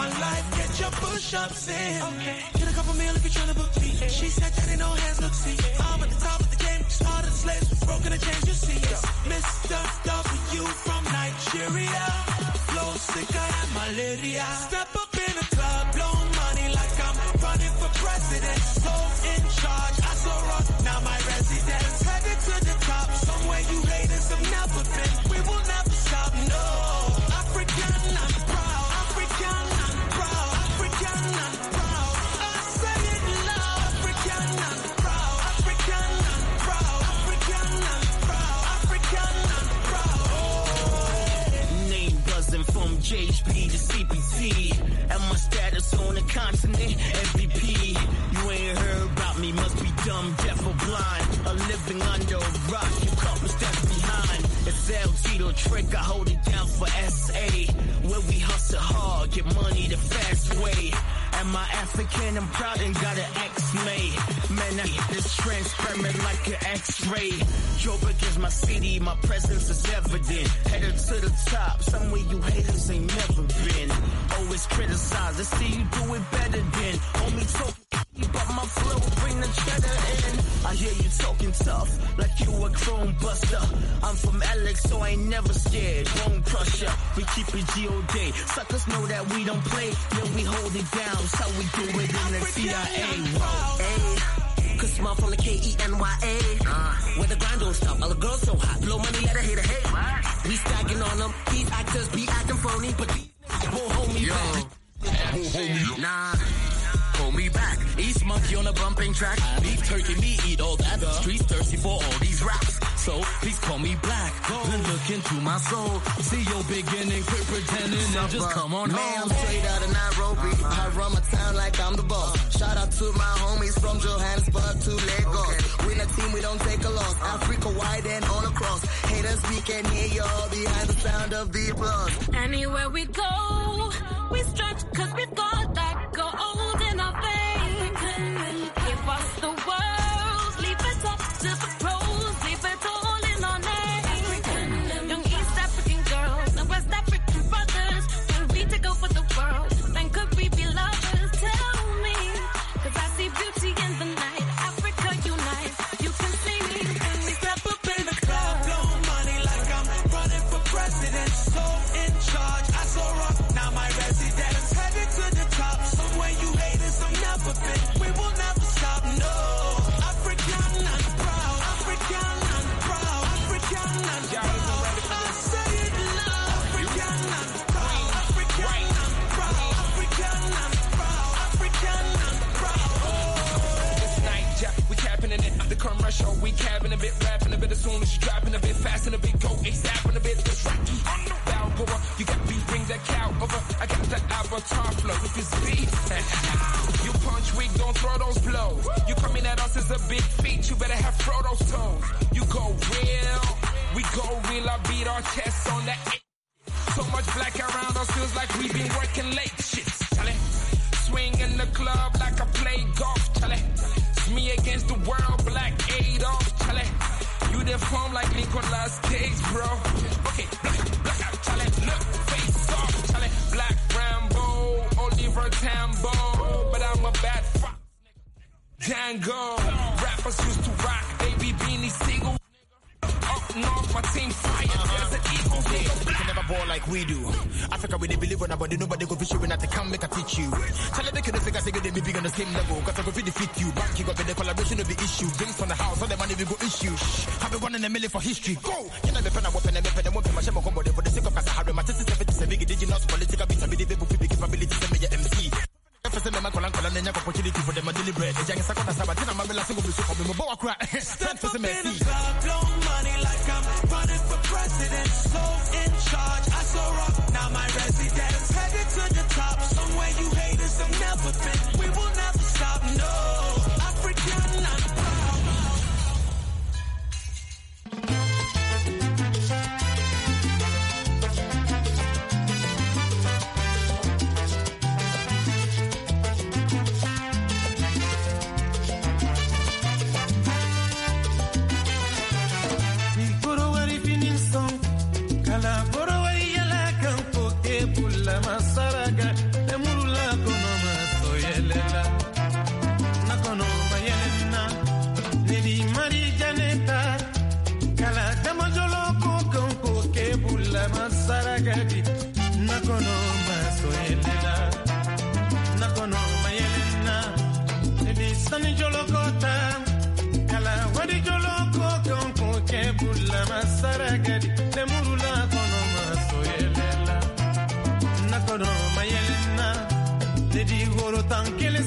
my life, get your push-ups in. Okay. Get a couple meal if you're trying to book me. She said no hands, look, see. I'm at the top of the game, started the slaves, broken the chains, you see. Mr. W from Nigeria. Flow sicker than malaria. Step up in the club, blow money like I'm running for president. So in charge, I saw rock, now my residence. Headed to the top, somewhere you haters have never been. We will never stop, no. I MVP, you ain't heard about me. Must be dumb, deaf or blind. A living under a rock, you couple steps behind. It's LT the trick, I hold it down for SA. Where we hustle hard, get money the fast way. Am I African? I'm proud and got an accent. It's transparent like an x-ray. Yoga gives my city, my presence is evident. Headed to the top, somewhere you haters ain't never been. Always criticized, I see you do it better than. Only talk, but my flow bring the cheddar in. I hear you talking tough, like you a chrome buster. I'm from Alex, so I ain't never scared. Won't crush ya, we keep it G.O.D. Suckers know that we don't play, yeah we hold it down. So we do it in the CIA. Hey. Cause smile from the K-E-N-Y-A. Uh. Where the grind don't stop. All the girls so hot. Blow money, let her hate her hate. What? We stacking on them. These actors be acting phony. But these won't hold me Yo. back. Won't hold me. Nah. Pull me back. East monkey on a bumping track. Beef turkey, me eat all that. Streets thirsty for all these raps. So please call me black. Then look into my soul. See your beginning, quit pretending. Now just come on home. Man, straight out of Nairobi. I run my town like I'm the boss. Shout out to my homies from Johannesburg to Lagos. We're a team, we don't take a loss. Uh. Africa wide and all across. Haters, we can hear y'all behind the sound of the applause. Anywhere we go, we stretch cause we've got that gold in our show. We capping a bit, rapping a bit as soon as you dropping a bit fast and a bit go ASAP a bit just rocky. i the Balboa, you got me bring that cow over. I got that avatar flow. If it's beef, you punch We gon throw those blows. You coming at us as a big feat, you better have Frodo's toes. You go real, we go real. I beat our chests on that. So much black around us feels like we've been working late. Shit, Swing in the club like I play golf their form like Nicolas Cage, bro. Okay, black, black out, challenge, look, face off, challenge, black Rambo, Oliver Tambo, but I'm a bad fox, Django. Rappers used to rock, baby beanie single. Up north, my team fire, there's an eagle, nigga, black like we do. Africa, we didn't believe on nobody, nobody go fish you when I come make a teach you. Tell them they couldn't figure say they may be on the same level. Cause I go defeat you. Back you got the collaboration of the issue. Drinks from the house, all the money we go issue. Shh, I've been one in a million for history. Go! You know me pen, I weapon, I weapon, I weapon, my shaman combo, for the sake of us, I have my test is 77 big indigenous political beats, I be the people, people, capability, send me your MC. Stand for some money like I'm president, so in charge. I saw rock, now my residence. Headed to the top, somewhere you haters have never been.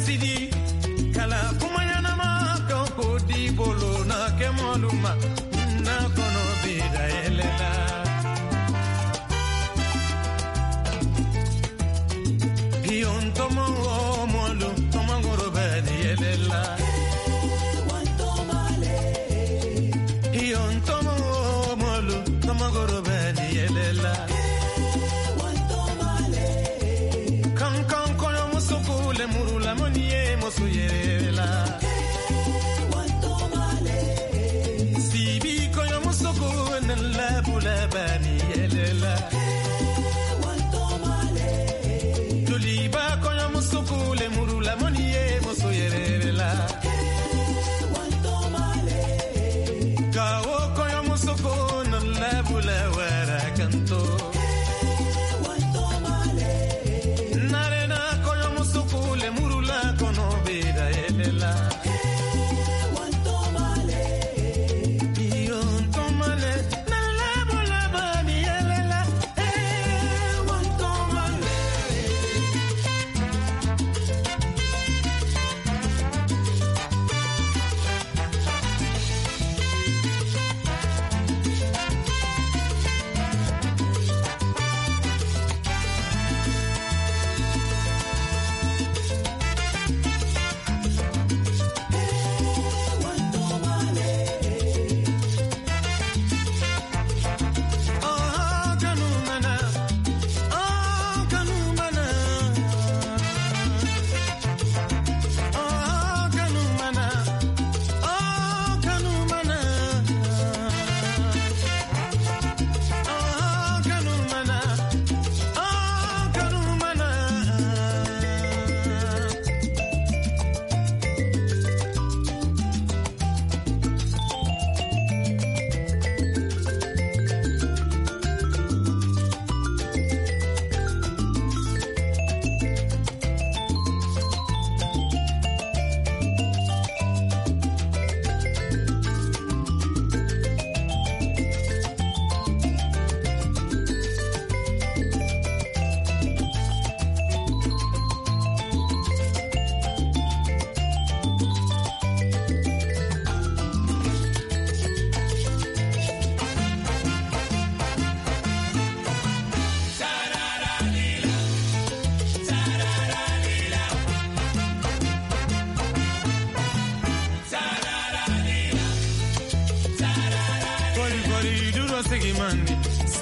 CD.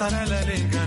pasará la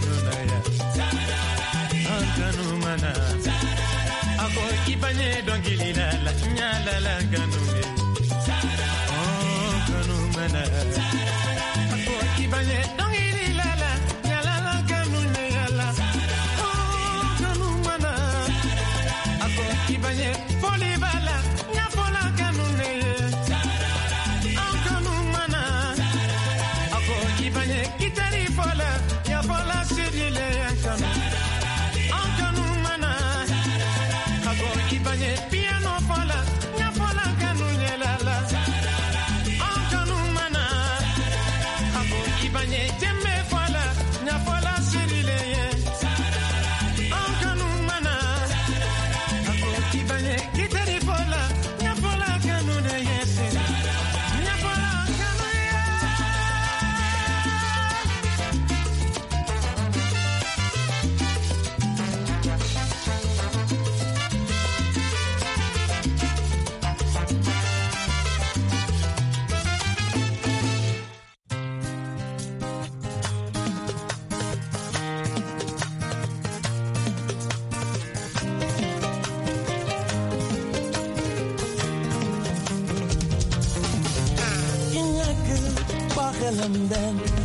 and then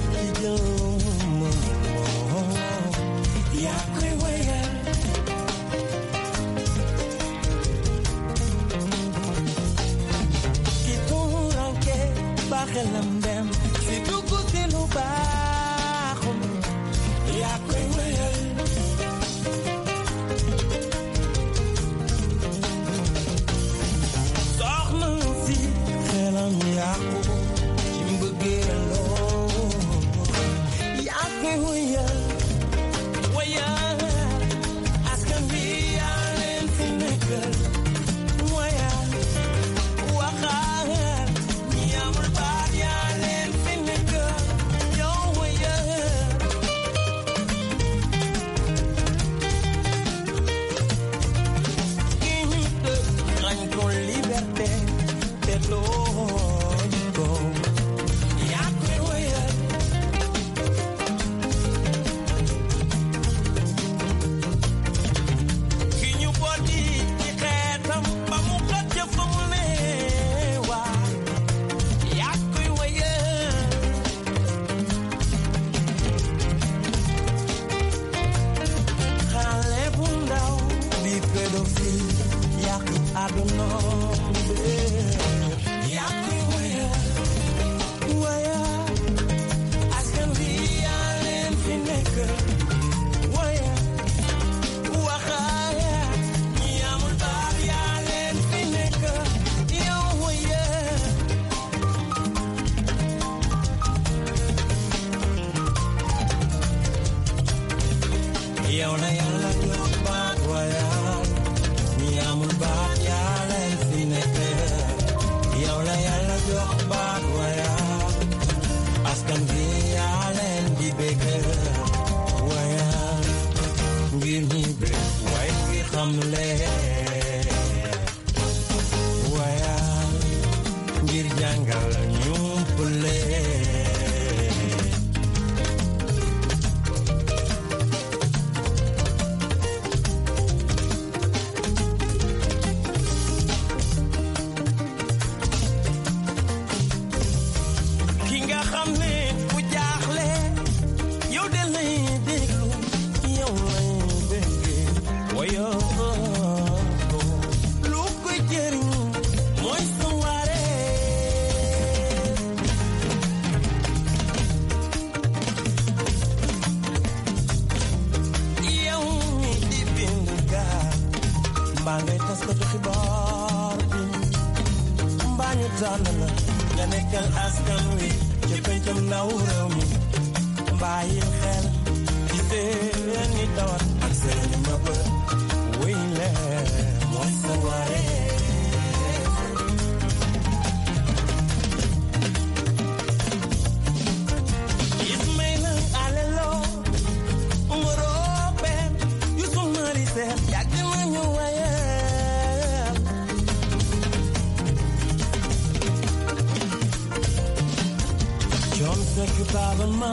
zaki baban ma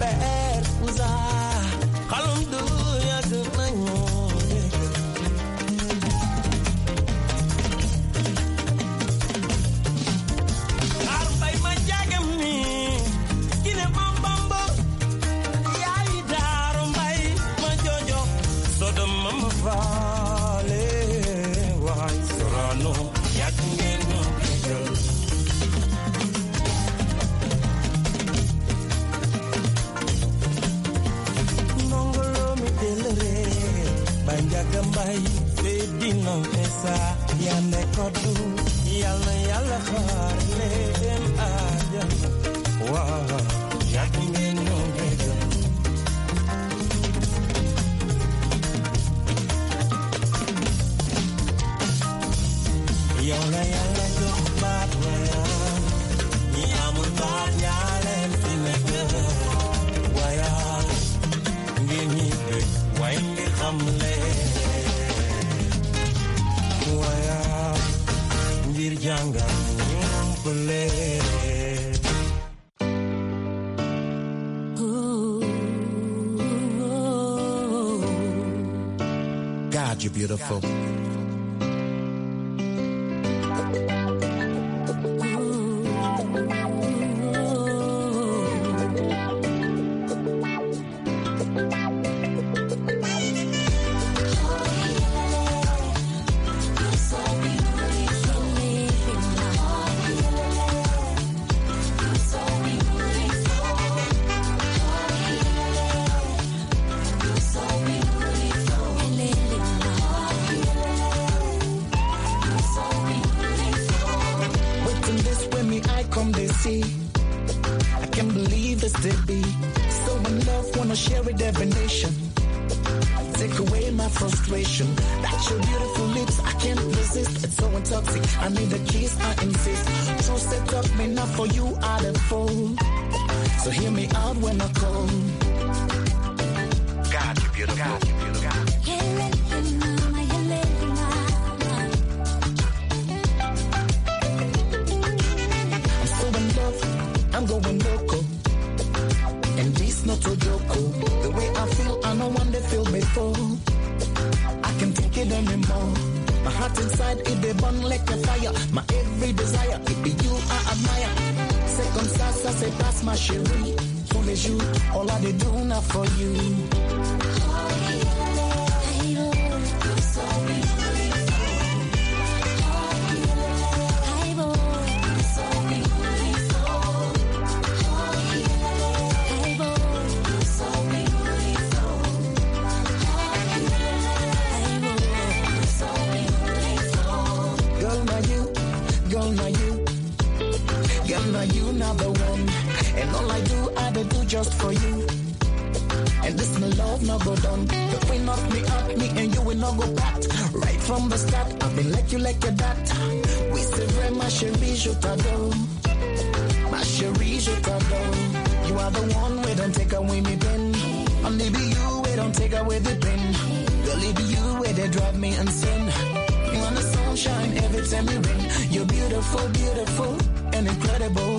bayar uza halin bay te dina pesa yane kodu yalla ya khar le dem ajam wa yakine no gedam ya yalla go bat wa ni amul bat yalla finaka wa ya ngi ni be wa ngi khamle ngir God, you're beautiful. divination. Take away my frustration. That's your beautiful lips, I can't resist. It's so intoxicating. I need the kiss, I insist. True set up me not for you, I the fall. So hear me out when I call. God, you beautiful. God, you beautiful. that's my chérie. Tous les jours, all I did do now for you. Oh, yeah. I sorry. And all I do, I do, do just for you. And this my love no go down. The way knock me up, me and you will not go back. Right from the start, I've been like you like a dat. We still very my chérie, je t'adore. My chérie, je t'adore. You are the one, we don't take away me pen. I'm you, we don't take away the pen. Girl, it be you where they drive me insane. You want the sunshine every time you rain. You're beautiful, beautiful, and incredible.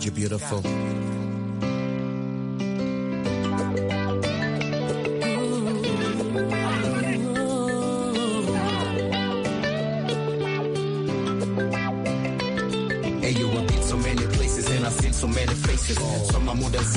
God, you're beautiful. Hey, you have been so many places and I've seen so many faces. From my mother's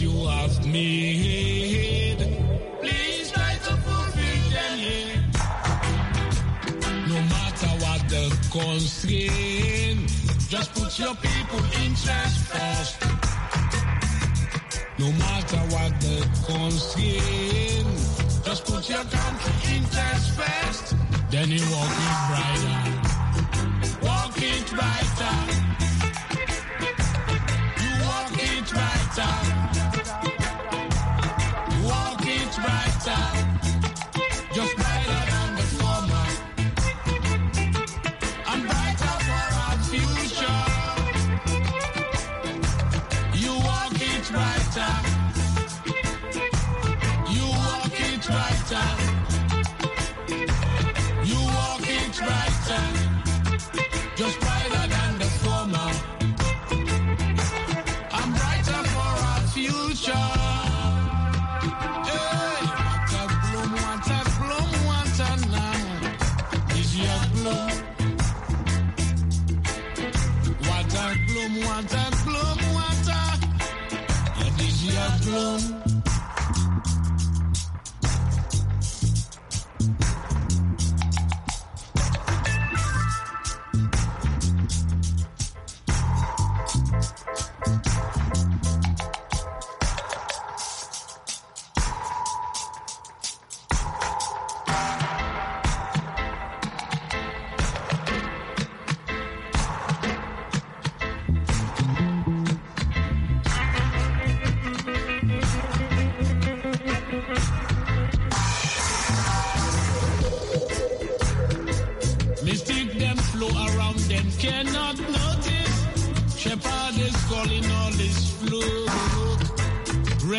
you have made. please try to fulfill them, No matter what the constraint, just put your people interest first. No matter what the constraint, just put your country interest first. Then you walk it brighter, walk it brighter.